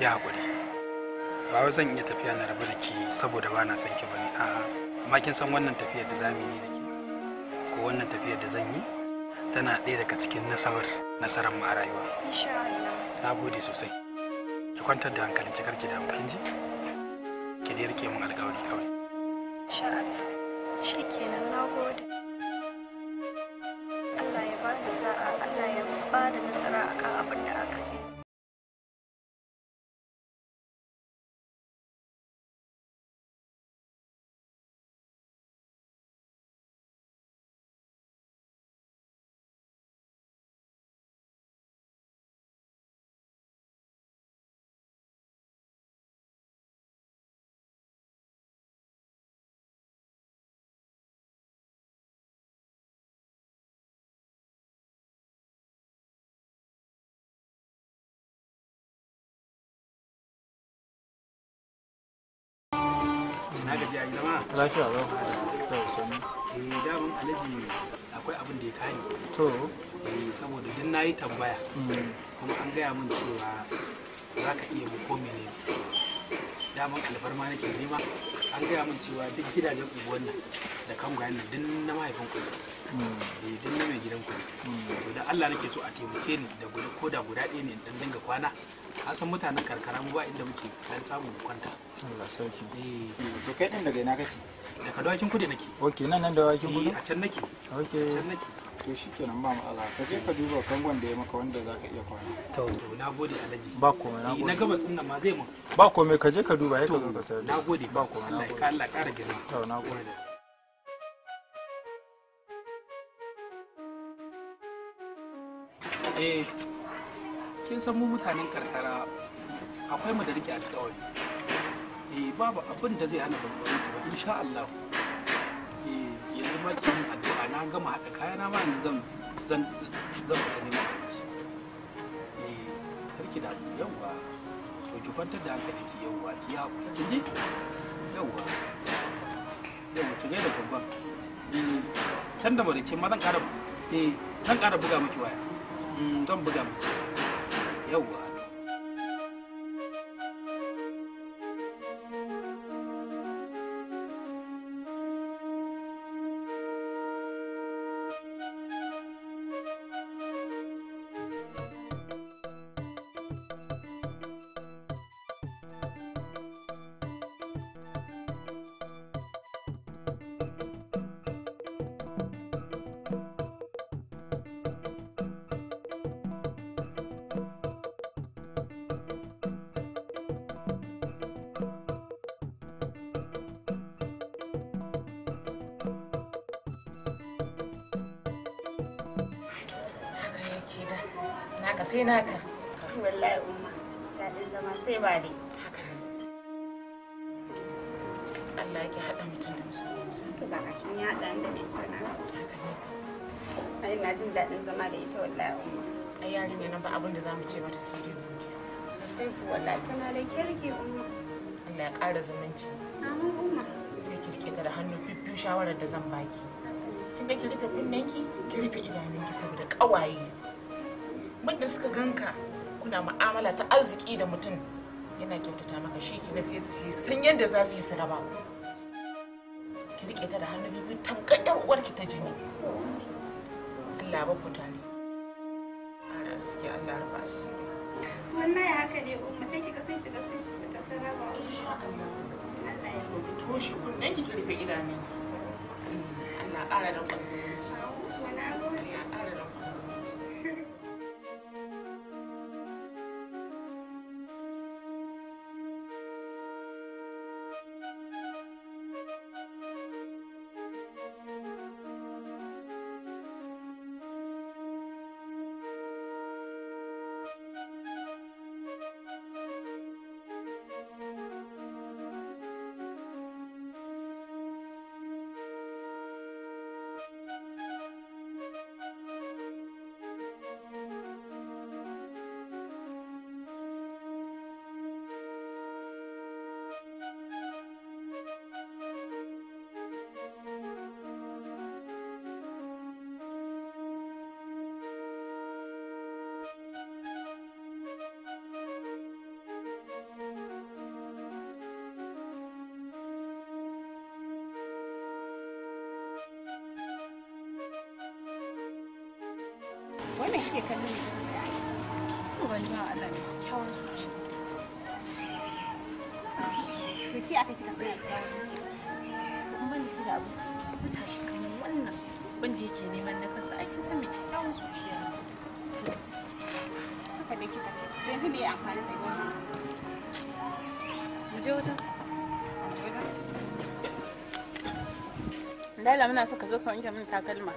ki hakuri, ba wai zan iya tafiya na rabu da ke saboda ba na son ki bane a amma kin san wannan tafiyar da zamu yi da ki ko wannan tafiyar da zan yi tana ɗaya daga cikin nasarar nasarar mu a rayuwa insha Allah na gode sosai ki kwantar da hankalin ki karki da hankalin ji ki dai rike mun alƙawari kawai insha Allah shikenan na gode gaji lafiya ba to sani eh daman alaji akwai abin da ya kare to eh saboda duk nayi tambaya mm. kuma an gaya min cewa za ka iya mu ko mene daman alfarma nake nema an gaya min cewa duk gidajen unguwan nan da kan gwayan nan duk na mahaifin ku ne eh, duk na mai gidan ku hmm. to da Allah nake so a taimake ni da guda ko da guda ɗaya ne dan dinga kwana an san mutanen karkara mu ba inda muke dan samu mu kwanta Allah sauki eh to kai din daga ina kake daga dawakin kudi nake okay nan nan dawakin eh, kudi a can nake okay can nake to shi kenan ba ka duba kangon da ya maka wanda za iya kwana ba komai ka je ka duba ya ka zo ka na gode ba komai na gode Allah girma to eh, kin san mu mutanen karkara akwai mu da rike eh babu abin da zai hana babban ba insha Allah eh yanzu ma kin addu'a mota na gama haɗa kayana ma yanzu zan zan zan fita neman abinci eh sarki da ku yawa to ki kwantar da hankali ki yawa ki haƙuri ki ji yawa yawa ki gaida babban eh can da marice ma zan ƙara eh zan ƙara buga miki waya hmm, zan buga miki yawa naka sai naka wallahi umma daɗin zama sai ba dai haka Allah yake haɗa mutum da musulunsa ba ya haɗa da bai haka ne ai na jin daɗin zama da ita wallahi umma ai yarinya nan ba abin da zamu ce mata sai dai zumunci amin umma sai ki shawarar da zan baki kin ki saboda ƙawaye wanda suka ganka kuna mu'amala ta arziki da mutum yana kyautata maka shi ki na sai san yadda za su yi su raba ki rike ta da hannu bibi tamkar yar uwarki ta jini Allah ba ku tare ana suke Allah rufa su wannan ya haka ne umma sai ki kasance shiga sun shi ta saraba insha Allah Allah ya so ki toshe kunnen ki ki rufe idanun mm, Allah ƙara da kwanzanci wannan kike kallon ne wani ba Allah ne kyawun zuci da ke aka kika sani kyawun zuci kuma ban ki da abu mutashi kamar wannan wanda yake neman na kansa a kin san me kyawun zuciya haka ne kika ce yanzu me ya amfani da wannan mu je wajen sa Dala muna so ka zo ka wanke min takalma.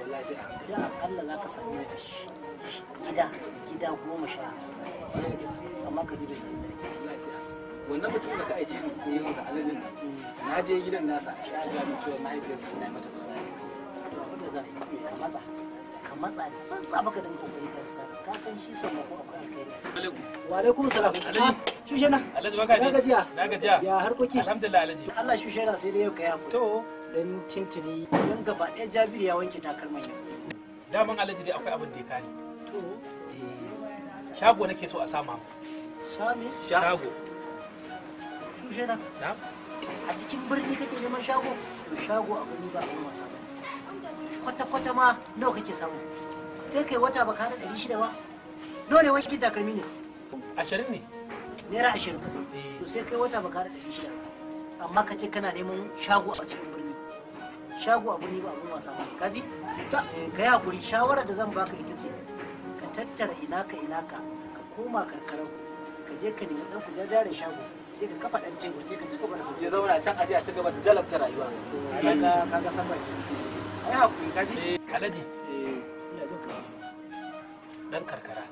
wallahi sai da akalla za ka sami gida gida goma sha amma ka duba wannan mutum da ka aike ni masa alajin nan na je gidan nasa ya ga ni cewa mahaifiyarsa tana mata kusa za a yi ka matsa ka matsa da tsantsa maka dinga kokari ka shiga ka san shi sanna ko akwai alkhairi wa alaikum salam alhaji shushena alhaji baka ji na gajiya ya harkoki alhamdulillah alhaji Allah shushena sai dai yau ka to dan tintini don gaba ɗaya jabir ya wanke takalman yau daman alaji dai akwai abin da ya kare to eh, shago nake so a sama shami shago su shena na a cikin birni kake neman shago to shago abu ne ba abin wasa ba kwata-kwata ma nawa kake samu sai kai wata ba kana ɗari shida ba nawa ne wankin takalmi ne ashirin ne naira ashirin eh. to sai kai wata ba kana ɗari shida amma ka ce kana neman shago a cikin shago abu ne ba abun wasa ba kaji ta ka yi hakuri shawara da zan baka ita ce ka tattara ina ka ina ka ka koma karkarar ka je ka nemi dan ku jajare shago sai ka kafa dan tebur sai ka ci gaba da sauki ya zauna can aje a ci gaba da jalabta rayuwa kaga kaga san baki ai hakuri kaji eh, eh. kalaji dan karkara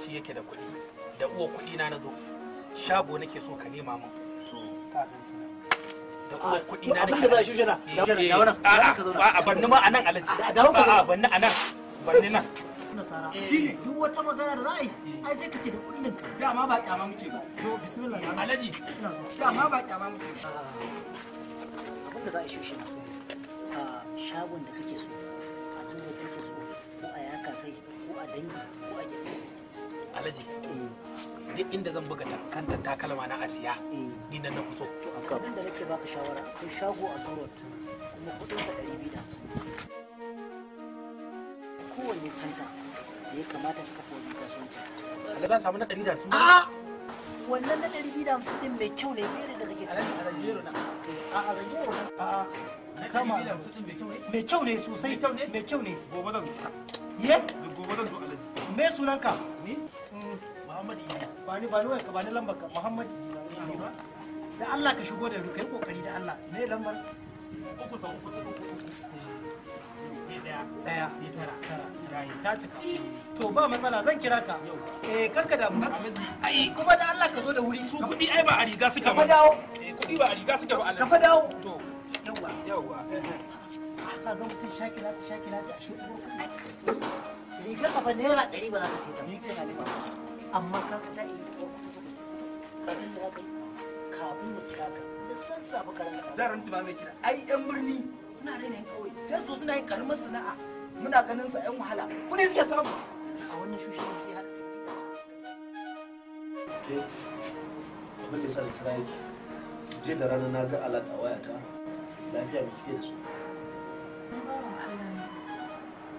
shi yake da kuɗi da uwa kuɗi na na zo shago nake so ka nema min to ka san na da kuma ah, kuɗi na abinda za a shushe na da wannan eh, eh, a banni ma a nan alaji da haka a banni a nan banni nan nasara eh. shine duk wata magana da za a yi ai sai ka ce da kuɗin ka ma ba kyama muke ba to bismillah alaji dama ba kyama muke ba ah, abinda za a shushe na a ah, shagon da kake so a zuwa kake so ko a yaka sai ko a dangi ko a gidan alaji duk inda zan buga kanta takalma na asiya ni nan na fi to to kan da nake baka shawara kun shago a surot kuma kudin sa 250 kowanne santa da ya kamata ka kafa wajen kasuwanci alaji za samu na 150 a wannan na 250 din mai kyau ne bere da kake tsari a rangero na a a rangero na a kama mai kyau ne sosai mai kyau ne gobe zan zo ye gobe zan me sunanka ni mm. muhammad ba ni ba ni ka ba ni lambar ka muhammad da Allah ka shigo da kai kokari da Allah me lambar uku sau uku daya ta cika eh. to ba matsala zan kira ka eh karka da mu ai kuma da Allah ka zo da wuri su kudi ai ba a riga suka ba dawo eh, kudi ba a riga suka ba Allah ka dawo to yawa yawa ah, ka ga shakira shakira ta shi riga safa naira ɗari ba za ka sayi ta ni kai halima amma ka ka ta'i ka san da haka kafin mu kira ka da san safa karan ka zaran tuma mai kira ai yan birni suna da yan ƙauye sai su suna yin karamar sana'a muna ganin sa yan wahala kuɗi suke samu a wannan shushe ne sai hada ke abin da sa da kira yake je da rana na ga alaƙa wayata lafiya mai kike da su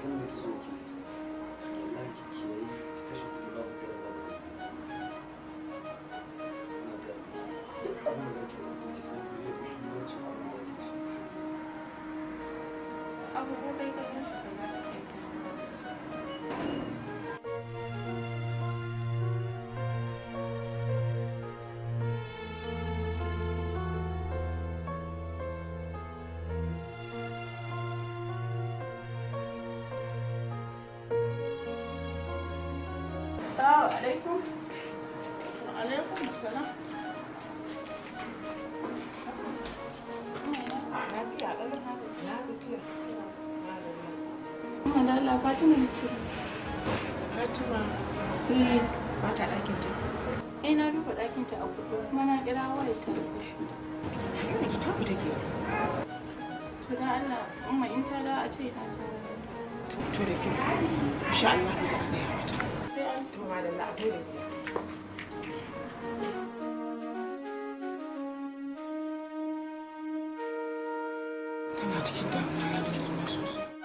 kin da so Assalamu alaikum. salam. Madalla Fatima ne ke. Fatima. Eh. ba ta ɗakin ta. Eh, na ɗakin ta a kudu kuma na kira ta To Allah, umma in ta da a ce To da Allah za a ga yawa. to madalla a da tana cikin damuwa da sosai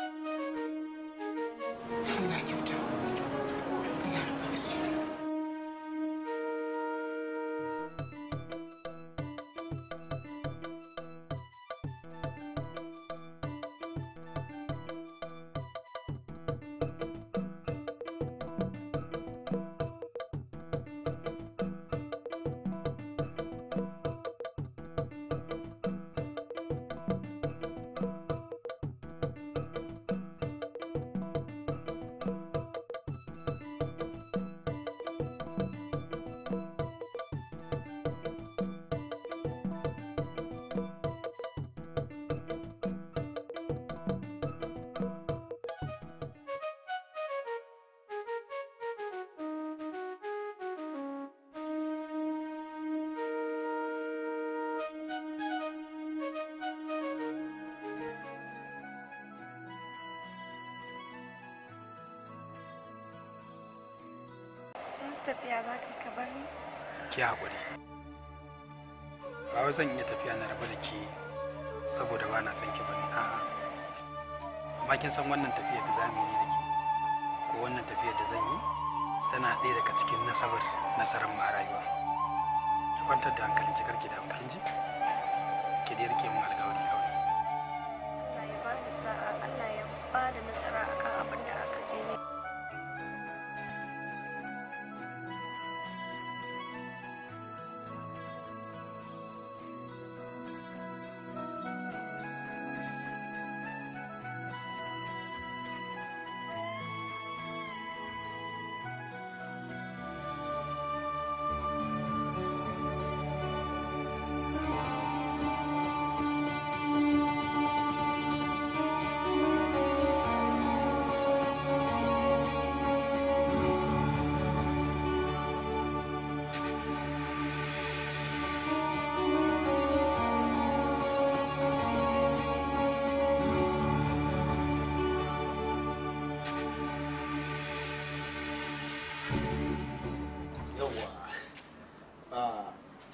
yanzu tafiya za ka ka bar ni ki haƙuri ba wai zan iya tafiya na rabu da ke saboda ba na son ki bane a'a amma kin san wannan tafiyar da za mu yi da ke ko wannan tafiyar da zan yi tana ɗaya daga cikin nasabar nasarar ma rayuwa ki kwantar da hankalin ki karki da hankalin ji ki dai rike mun alƙawari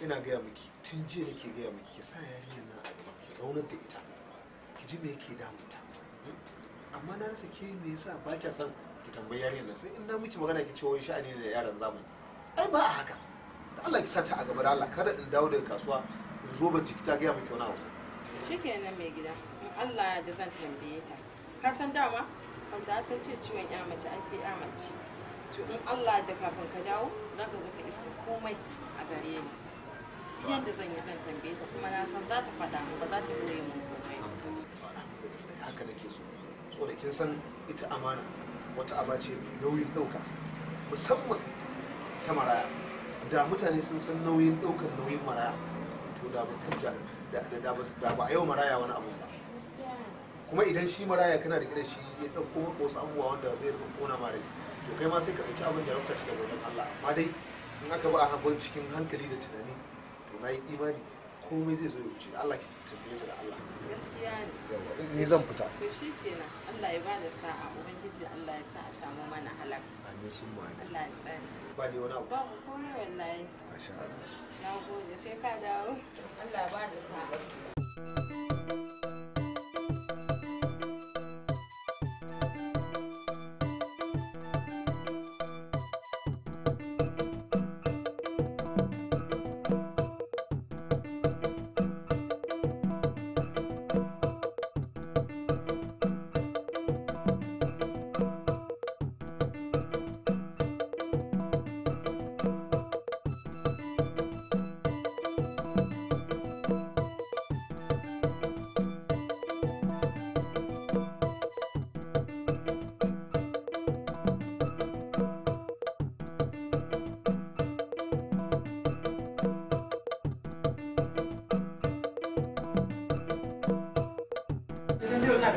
ina gaya miki tun jiya nake gaya miki ki sa yarinyar nan a gaba ki zaunar da ita ki ji me yake damunta amma na rasa ke me yasa ba kya son ki tambayi yarinyar nan sai in na miki magana ki ce wai sha'ani ne da yaran zamani ai ba a haka da Allah ki sa ta a gaba da Allah kada in dawo daga kasuwa in zo ban jiki ta gaya miki wani abu shikenan mai gida in Allah da zan tambaye ta ka san dama hausa sun ce ciwon ya mace ai sai ya mace to in Allah da kafin ka dawo zaka zo ka iska komai a gare ni yadda zan yi zan tambaye ta kuma na san za ta faɗa mu ba za ta nuna mun komai haka nake so saboda kin san ita amana wata aba ce mai nauyin ɗauka musamman ta maraya da mutane sun san nauyin ɗaukar nauyin maraya to da ba su da ba a yau maraya wani abu ba kuma idan shi maraya kana da gidan shi ya dauko maka wasu abubuwa wanda zai rufe kona ma rai to kai ma sai ka ɗauki abin da ya jarabta shi da wajen Allah amma dai in aka ba a cikin hankali da tunani na yi imani komai zai zo ya wuce Allah ki tambaye ta da Allah gaskiya ne ni zan fita to shikenan Allah ya bada sa'a ubangiji Allah ya sa a samu mana halak amin sun ma Allah ya tsare ba ne wani abu ba ko komai wallahi masha Allah na gode sai ka dawo Allah ya bada sa'a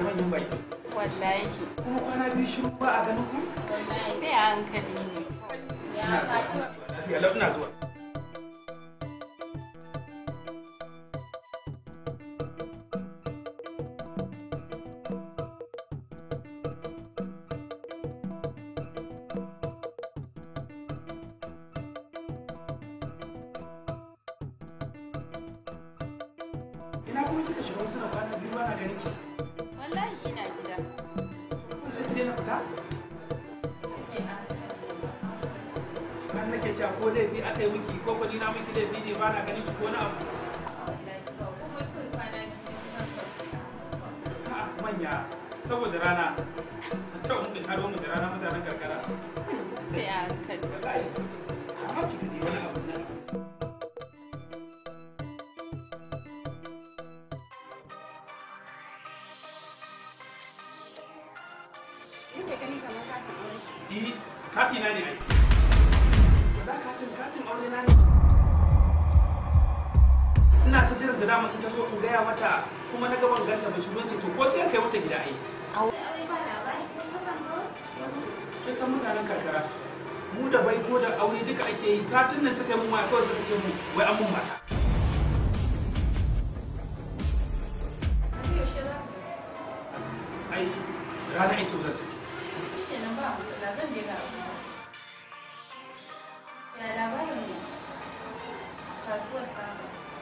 da manyan baki wallahi kuma kwana biyu shiru ba a ganin ku hankali ne ya zuwa manya saboda rana a cewa mun ado mu da rana mutanen karkara sai a kai amma ki wani abu na wai an mun mata ai rana ita zan kenan ba musalla zan je ga ya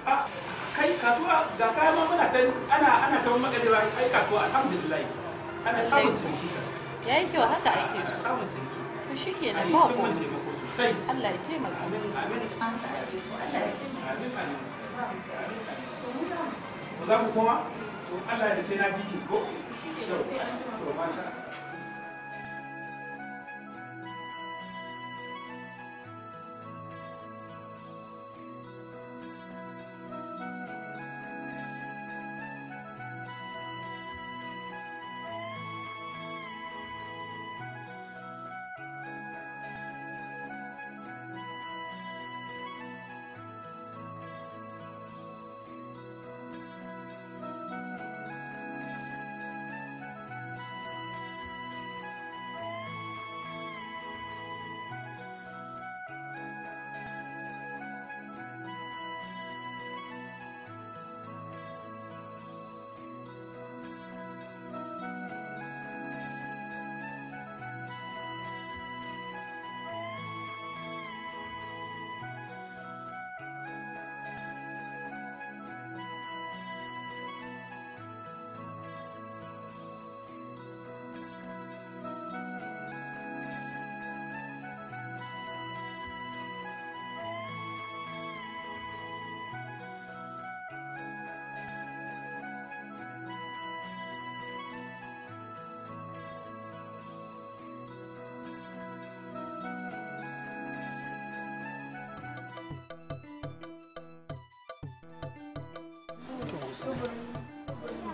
ta kai kasuwa ga kayan ma muna ana ana ta makarewa kai kasuwa alhamdulillah ana samun ciniki yayi kyau haka ake samun ciniki to shikenan ba ko sosai Allah ya taimaka amin amin Allah ya taimaka amin amin ku za ku koma to Allah da sai na ji ko to masha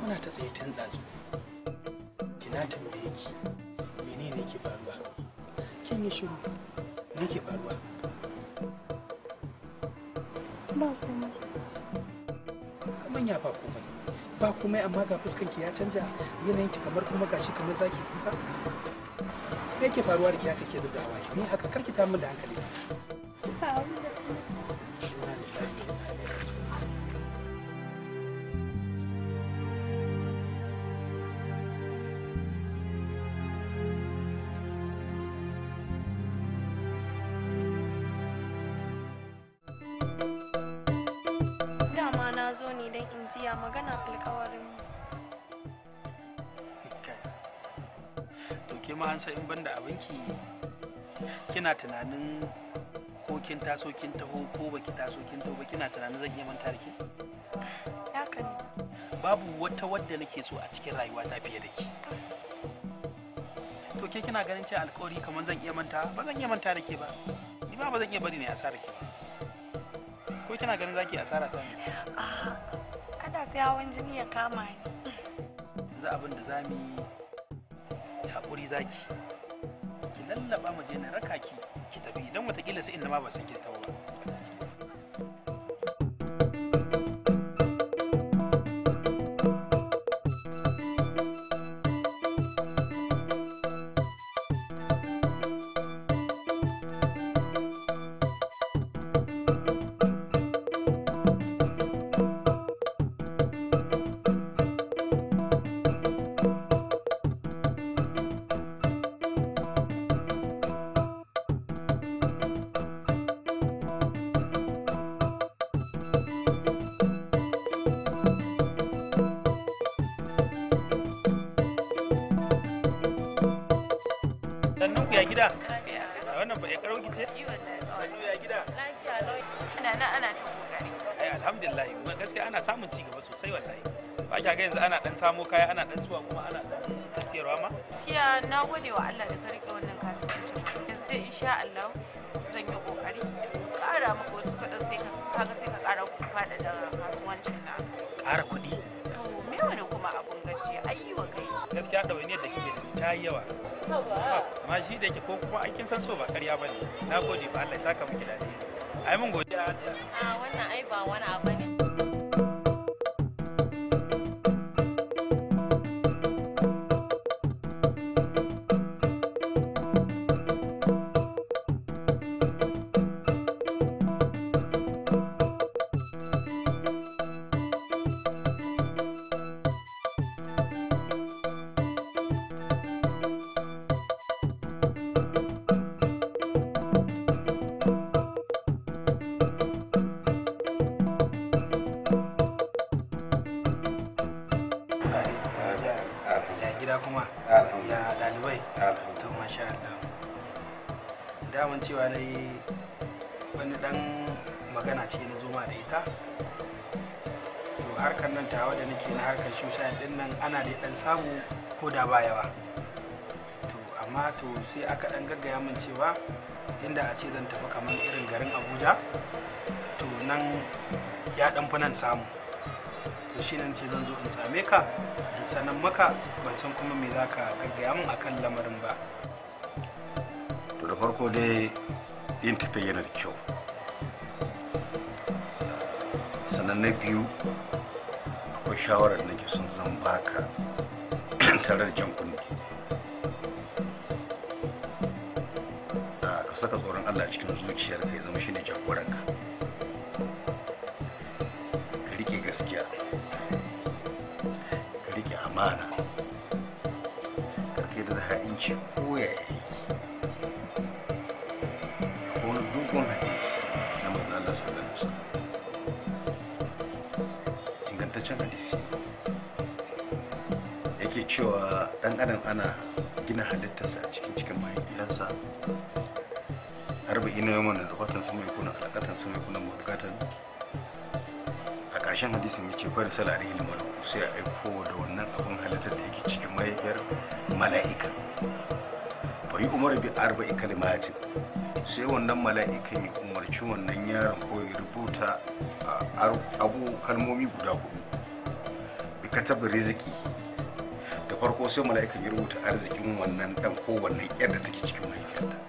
muna ta tsaye tun ɗazu kina tambaye ki menene ke faruwa kin yi shiru me ke faruwa ba komai kaman ya ba komai ba komai amma ga fuskan ki ya canja yanayin ki kamar kuma gashi kamar zaki kuka me ke faruwa da ki haka ke zubda hawa ki me haka karki ta min da hankali cika to ke ma an san in banda abinki kina tunanin ko kin taso kin taho ko baki taso kin taho ba kina tunanin zan iya manta da ke babu wata wadda nake so a cikin rayuwa ta fiye da ke to ke kina ganin cewa alkawari kamar zan iya manta ba zan iya manta da ke ba ni ba ba zan iya bari ne asara ke ko kina ganin zaki asara ta ne sai hawan jini ya kama ni yanzu abin da za mu yi haƙuri zaki ki lallaba mu je na raka ki ki tafi idan watakila sai inda ma ba san ki tawo ba samun ci gaba sosai wallahi ba kya ga yanzu ana dan samo kaya ana dan zuwa kuma ana dan sassiyarwa ma gaskiya na gode wa Allah da ka rike wannan kasuwancin yanzu sai insha Allah zan yi kokari kara maka wasu kadan sai ka kaga sai ka kara fada da kasuwancin na kara kuɗi me wani kuma abun gaji ayyuka kai gaskiya ɗawainiyar da kike ta yi yawa amma shi da ke ko kuma kin san so ba karya bane na gode ba Allah ya saka miki da ai mun godiya a wannan ai ba wani abu ne cewa dai wani dan magana ce na zoma da ita to harkar nan tawa da nake na harkar shusha din nan ana dai dan samu ko da ba yawa to amma to sai aka dan gaggaya min cewa inda a ce zan tafi kamar irin garin abuja to nan ya dan nan samu to shi nan ce zan zo in same ka in sanan maka ban san kuma me za ka gaggaya min akan lamarin ba farko dai yin tafiya yana da kyau sannan na biyu akwai shawarar da nake sun zan baka tare da jan kunne ah, ka saka tsoron allah cikin zuciyar ka ya zama shine jagoranka ka rike gaskiya ka rike amana ka kai da ha'inci inci yaya sallallahu ingantaccen hadisi yake cewa dan adam ana gina halittarsa a cikin cikin mahaifiyarsa arba'ina yawan da rubatan su mai kuna alakatan su mai kuna mabukatan a ƙarshen hadisin yace kwari salari ilmar sai a aiko da wannan abun halittar da yake cikin mahaifiyar mala'ika fa yi umar bi arba'i kalimatin sai wannan mala'ikan yi. umarci wannan yaron ko ya rubuta abu kalmomi guda hudu bi katab riziki da farko sai mala'ikan ya rubuta arzikin wannan dan ko wannan yar da take cikin mahaifiyarta